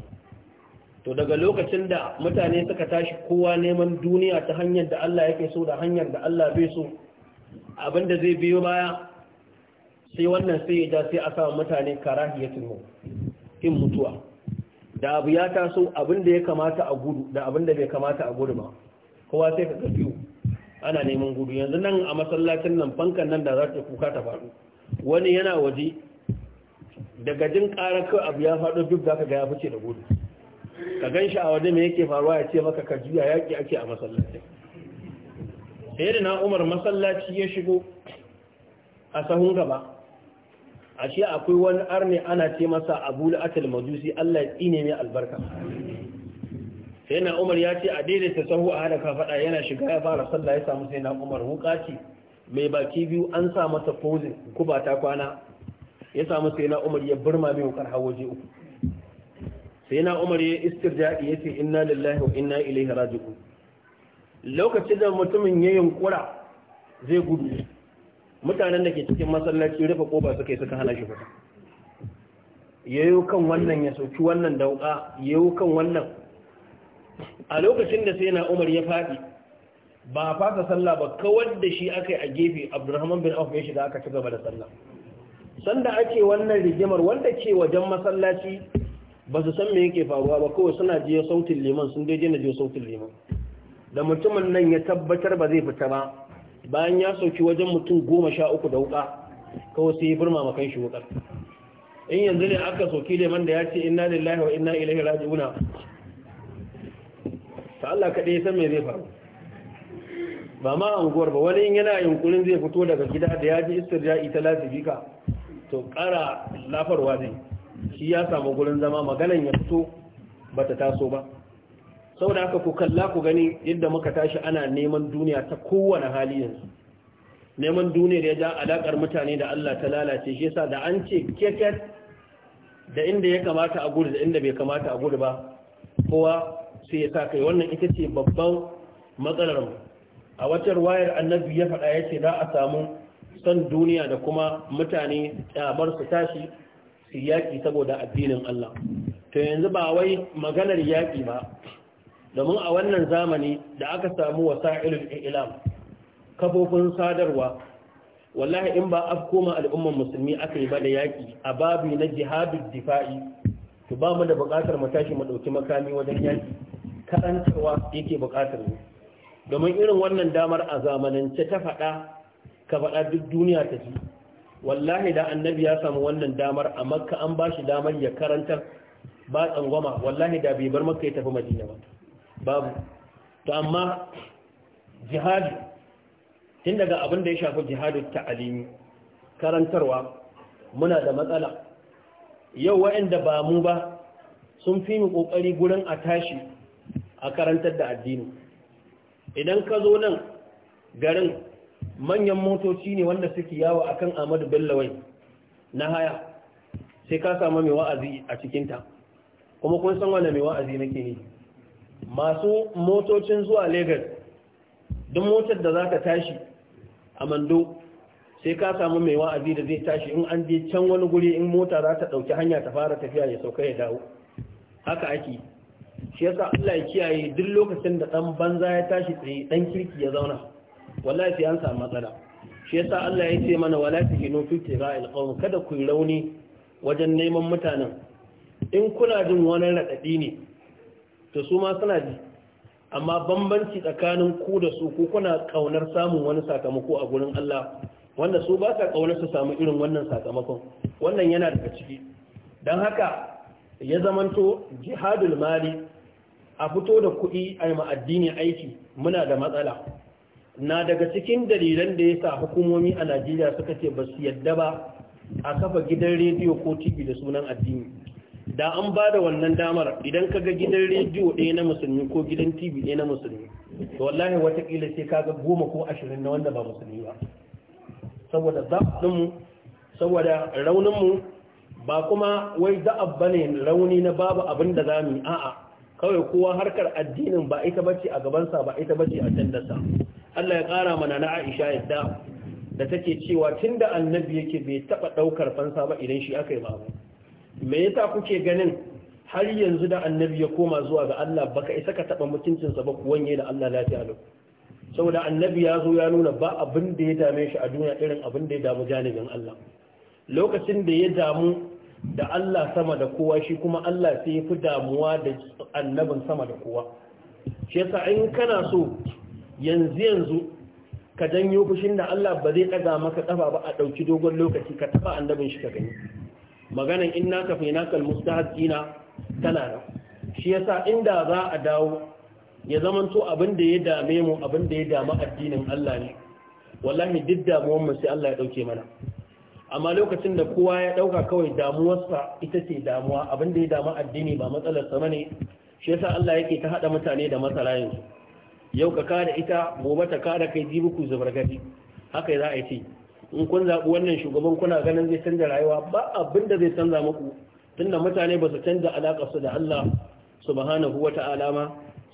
to daga lokacin da mutane suka tashi kowa neman duniya ta hanyar da Allah yake so da hanyar da Allah bai so abinda zai biyo baya sai wannan sai ya ja sai a sa mutane karahiyatun mu in mutuwa da abu ya taso abin da ya kamata a gudu da abin da bai kamata a gudu ba kowa sai ka kafiyu ana neman gudu yanzu nan a masallacin nan fankan nan da za ta kuka ta faru wani yana waje daga jin ƙarar ka abu ya faɗo duk za ka ga ya fice da gudu ka gan shi a waje mai yake faruwa ya ce maka ka juya yaƙi ake a masallacin. sai da na umar masallaci ya shigo a sahun gaba ashe akwai wani arne ana ce masa abu la'atul majusi Allah ya tsine mai albarka sai na umar ya ce a daidaita sahu a hada kafaɗa yana shiga ya fara sallah ya samu sai na umar wuka mai baki biyu an sa masa fozin kuba ta kwana ya samu sai na umar ya burma mai wukar hawaje uku sai na umar ya istirja'i ya ce inna lillahi wa inna ilaihi raji'un lokacin da mutumin ya yunkura zai gudu mutanen da ke cikin masallaci rufe koba suka yi suka hana shi fita yi kan wannan ya sauki wannan dauka yi kan wannan a lokacin da sai na umar ya faɗi ba a fasa sallah ba kawar da shi aka yi a gefe abdurrahman bin auf ya shiga aka ci gaba da sallah sanda ake wannan rigimar wanda ke wajen masallaci ba su san me yake faruwa ba kawai suna jiya sautin liman sun daidai na jiya sautin liman da mutumin nan ya tabbatar ba zai fita ba bayan ya sauki wajen mutum goma sha uku da wuka kawai sai ya burma makan shi wukar in yanzu ne aka sauki leman da ya ce inna lillahi wa inna ilaihi raji'una ta Allah kaɗai ya san me zai faru ba ma anguwar ba wani yana yunkurin zai fito daga gida da ya ji istirja'i ta lasifika to ƙara lafarwa zai shi ya samu gurin zama maganan ya fito ba ta taso ba saboda haka ku kalla ku gani yadda muka tashi ana neman duniya ta kowane hali yanzu neman duniya da ya ja alakar mutane da Allah ta lalace shi yasa da an ce keket da inda ya kamata a gudu da inda bai kamata a gudu ba kowa sai ya sa kai wannan ita ce babban matsalar mu a wata wayar annabi ya faɗa ya ce za a samu son duniya da kuma mutane tsabar su tashi su yaƙi saboda addinin Allah to yanzu ba wai maganar yaƙi ba domin a wannan zamani da aka samu wasa'ilul ilam kafofin sadarwa wallahi in ba afkoma al'umman musulmi aka yi ba da yaƙi a babu na jihadul difa'i to ba mu da buƙatar mu tashi mu ɗauki makami wajen yaƙi karantarwa yake buƙatar mu domin irin wannan damar a zamanance ta faɗa ka faɗa duk duniya ta ji wallahi da annabi ya samu wannan damar a makka an ba shi damar ya karantar ba tsangwama wallahi da bai bar makka ya tafi madina ba babu to amma jihadi tun daga abin da ya shafi ta alimi karantarwa muna da matsala yau waɗanda ba mu ba sun fi mu ƙoƙari gurin a tashi a karantar da addini idan ka zo nan garin manyan motoci ne wanda suke yawo akan Ahmadu Bellawai na haya sai ka samu mai wa'azi a cikinta kuma kun san wanda mai wa'azi nake ne masu motocin zuwa Legas duk motar da za ka tashi a mando sai ka samu mai wa'azi da zai tashi in an je can wani guri in mota za ta ɗauki hanya ta fara tafiya ya sauka ya dawo haka ake shi yasa Allah ya kiyaye duk lokacin da dan banza ya tashi tsaye dan kirki ya zauna wallahi sai an samu matsala shi yasa Allah ya ce mana wala tahinu fi tira'il qawm kada ku rauni wajen neman mutanen in kuna jin wani radadi ne to su ma suna ji amma bambanci tsakanin ku da su ko kuna kaunar samun wani sakamako a gurin Allah wanda su ba sa kaunar su samu irin wannan sakamakon wannan yana daga ciki don haka ya zamanto jihadul mali a fito da kuɗi a yi ma'addini aiki muna da matsala na daga cikin dalilan da ya sa hukumomi a najeriya suka ce ba su yadda ba a kafa gidan rediyo ko tv da sunan addini da an ba da wannan damar idan ka ga gidan rediyo ɗaya na musulmi ko gidan tv ɗaya na musulmi to wallahi watakila sai ka ga goma ko ashirin na wanda ba musulmi ba saboda zaɓinmu saboda rauninmu ba kuma wai za'ab ba ne rauni na babu abin da za mu yi a'a kawai kowa harkar addinin ba ita bace a gabansa ba ita bace a tandarsa Allah ya ƙara mana na Aisha yadda da take cewa tunda annabi yake bai taɓa ɗaukar fansa ba idan shi aka yi babu. me yasa kuke ganin har yanzu da annabi ya koma zuwa ga Allah baka isa ka taba mutuncinsa sa ba kuwan da Allah lafiya lau saboda annabi ya zo ya nuna ba abin da ya dame shi a duniya irin abin da ya damu janibin Allah lokacin da ya damu da Allah sama da kowa shi kuma Allah sai ya fi damuwa da annabin sama da kowa shi yasa in kana so yanzu yanzu ka janyo fushin da Allah ba zai ɗaga maka ƙafa ba a ɗauki dogon lokaci ka taba annabin shi ka gani maganan inna ka fi naka mustahaddina tana nan shi yasa inda za a dawo ya zamanto abin da ya dame mu abin da ya dama addinin Allah ne wallahi duk damuwar mu sai Allah ya dauke mana amma lokacin da kowa ya dauka kawai damuwarsa ita ce damuwa abin da ya dama addini ba matsalar sa bane shi yasa Allah yake ta hada mutane da matsala yau ka kada ita gobe ta kada kai jibi ku zubar gadi haka za a yi in kun zaɓi wannan shugaban kuna ganin zai canza rayuwa ba abin da zai canza muku tunda mutane ba su canza alaƙarsu da Allah subhanahu wa ta'ala ma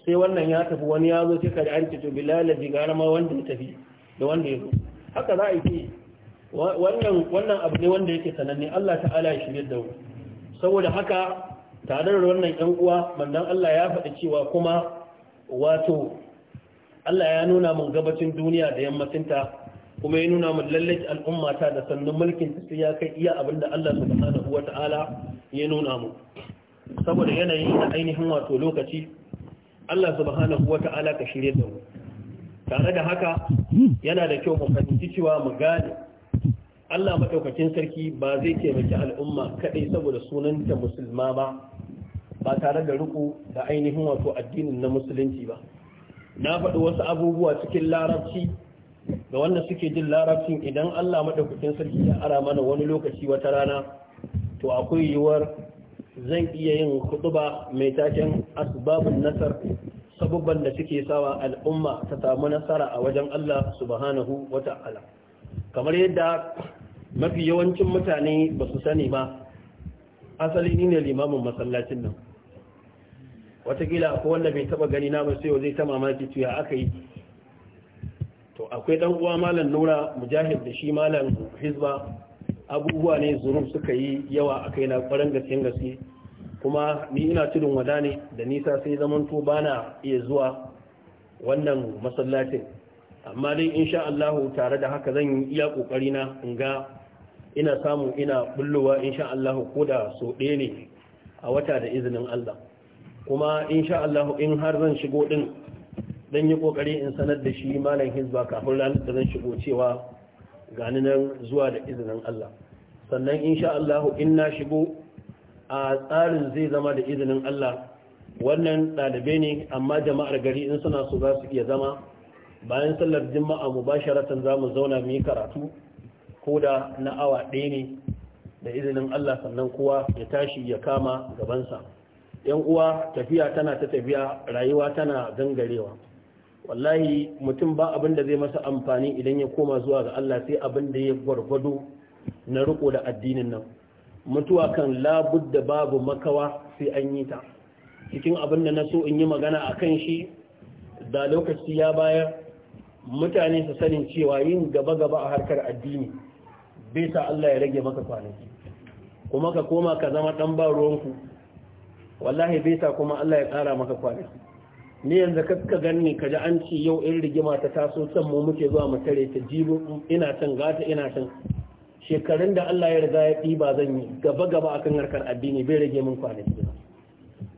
sai wannan ya tafi wani ya zo kika da an ce to bilal jigara ma wanda ya tafi da wanda ya zo haka za a yi wannan wannan abu ne wanda yake sananne Allah ta'ala ya shirye da mu saboda haka tare da wannan ɗan uwa manzon Allah ya faɗi cewa kuma wato Allah ya nuna mun gabacin duniya da yammacinta kuma ya nuna min lallai al'umma ta da sannan mulkin ta ya kai iya abin da Allah subhanahu Ta'ala ya nuna mu saboda yanayi na ainihin wato lokaci Allah subhanahu Ta'ala ka shirye da mu tare da haka yana da kyau mu fahimci cewa mu gane Allah madaukakin sarki ba zai taimaki al'umma kaɗai saboda sunanta musulma ba ba tare da ruku da ainihin wato addinin na musulunci ba na faɗi wasu abubuwa cikin larabci ga wanda suke jin larabcin idan Allah madaukakin sarki ya ara mana wani lokaci wata rana to akwai yiwuwar zan iya yin kutuba mai taken asbabun nasar sababban da suke sawa al'umma ta samu nasara a wajen Allah subhanahu wata'ala kamar yadda mafi yawancin mutane ba su sani ba asali ni ne limamin masallacin nan watakila ko wanda bai taba gani na ba sai zai ta mamaki tuya aka yi to akwai dan uwa malam nura mujahid da shi malam hizba abubuwa ne zuruf suka yi yawa a kai na kwarin gaske gaske kuma ni ina tudun wada ne da nisa sai zaman to bana iya zuwa wannan masallacin amma dai insha Allah tare da haka zan yi iya kokari na in ga ina samu ina bullowa insha Allah ko da so ɗaya ne a wata da izinin Allah kuma insha Allah in har zan shigo din dan yi kokari in sanar da shi malam hizba kafin ranar da zan shigo cewa gani nan zuwa da izinin Allah sannan insha Allah in na shigo a tsarin zai zama da izinin Allah wannan ɗalibai ne amma jama'ar gari in suna so za su iya zama bayan sallar juma'a mu basharatan za mu zauna mu yi karatu ko da na awa ɗaya ne da izinin Allah sannan kowa ya tashi ya kama gabansa yan uwa tafiya tana ta tafiya rayuwa tana gangarewa wallahi mutum ba abin da zai masa amfani idan ya koma zuwa ga Allah sai abin da ya gwargwado na riko da addinin nan mutuwa kan labudda babu makawa sai an yi ta cikin abin da na so in yi magana a kan shi da lokaci ya bayar mutane su sanin cewa yin gaba-gaba a harkar addini bai sa Allah ya rage maka kwanaki kuma ka koma ka zama ɗan ba ruwanku wallahi bai sa kuma Allah ya ƙara maka kwanaki ni yanzu kaska ganni ka ji an ce yau in rigima ta taso can mu muke zuwa mu tare ta jibo ina can gata ina can shekarun da Allah ya riga ya ɗiba zan yi gaba gaba akan harkar addini bai rage min kwanaki ba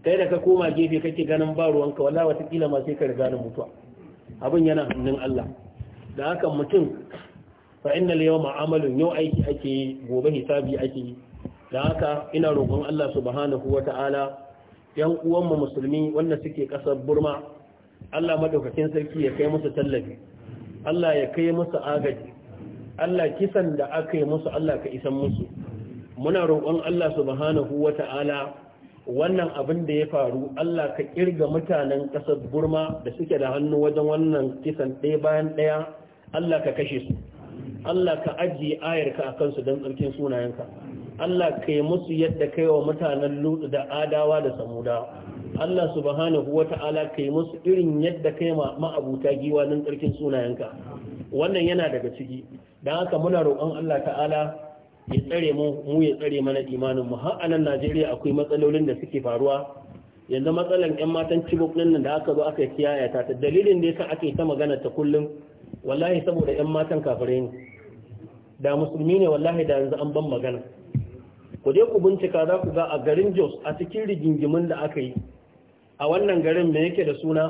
kai da ka koma gefe kake ganin ba ruwanka wala kila ma sai ka riga da mutuwa abin yana hannun Allah da haka mutum fa innal yawma amalun yau aiki ake gobe hisabi ake da haka ina roƙon Allah subhanahu wata'ala yan uwanmu musulmi wanda suke kasar burma allah madaukakin sarki ya kai musu tallafi allah ya kai musu agaji allah kisan da aka yi musu allah ka isan musu muna roƙon allah subhanahu wa ta'ala wannan abin da ya faru allah ka kirga mutanen ƙasar burma da suke da hannu wajen wannan kisan ɗaya bayan ɗaya allah ka kashe su allah ka ajiye ayarka a kansu don tsarkin sunayenka Allah ka yi musu yadda kai wa mutanen lutu da adawa da samuda Allah subhanahu wata'ala ka yi musu irin yadda kai ma ma'abuta giwa nan tsarkin sunayenka wannan yana daga ciki don haka muna roƙon Allah ta'ala ya tsare mu mu ya tsare mana imanin mu har anan Najeriya akwai matsalolin da suke faruwa yanzu matsalan 'yan matan cibok nan da aka zo aka kiyaye ta dalilin da yasa ake ta magana ta kullum wallahi saboda ƴan matan kafirai ne da musulmi ne wallahi da yanzu an ban magana ku je ku bincika za ku ga a garin jos a cikin rigingimin da aka yi a wannan garin mai yake da suna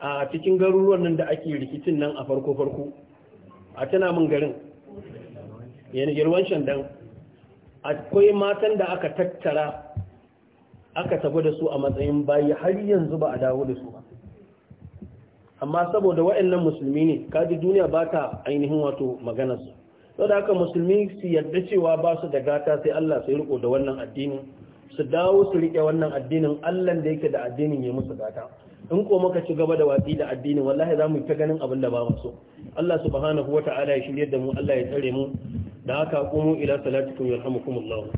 a cikin garuruwan nan da ake rikicin nan a farko-farko a tana min garin yana girwan shandan akwai matan da aka tattara aka tafi da su a matsayin bayi har yanzu ba a dawo da su ba amma saboda wa'annan musulmi ne kaji duniya ba ta ainihin wato maganarsu saboda haka musulmi su yarda cewa ba su da gata sai Allah sai riko da wannan addinin su dawo su rike wannan addinin Allah da yake da addinin ya musu gata in ko muka ci gaba da watsi da addinin wallahi za mu ta ganin abin da ba mu so Allah subhanahu wata'ala ya shirye da mu Allah ya tsare mu da haka kuma ila salatikum yarhamukumullah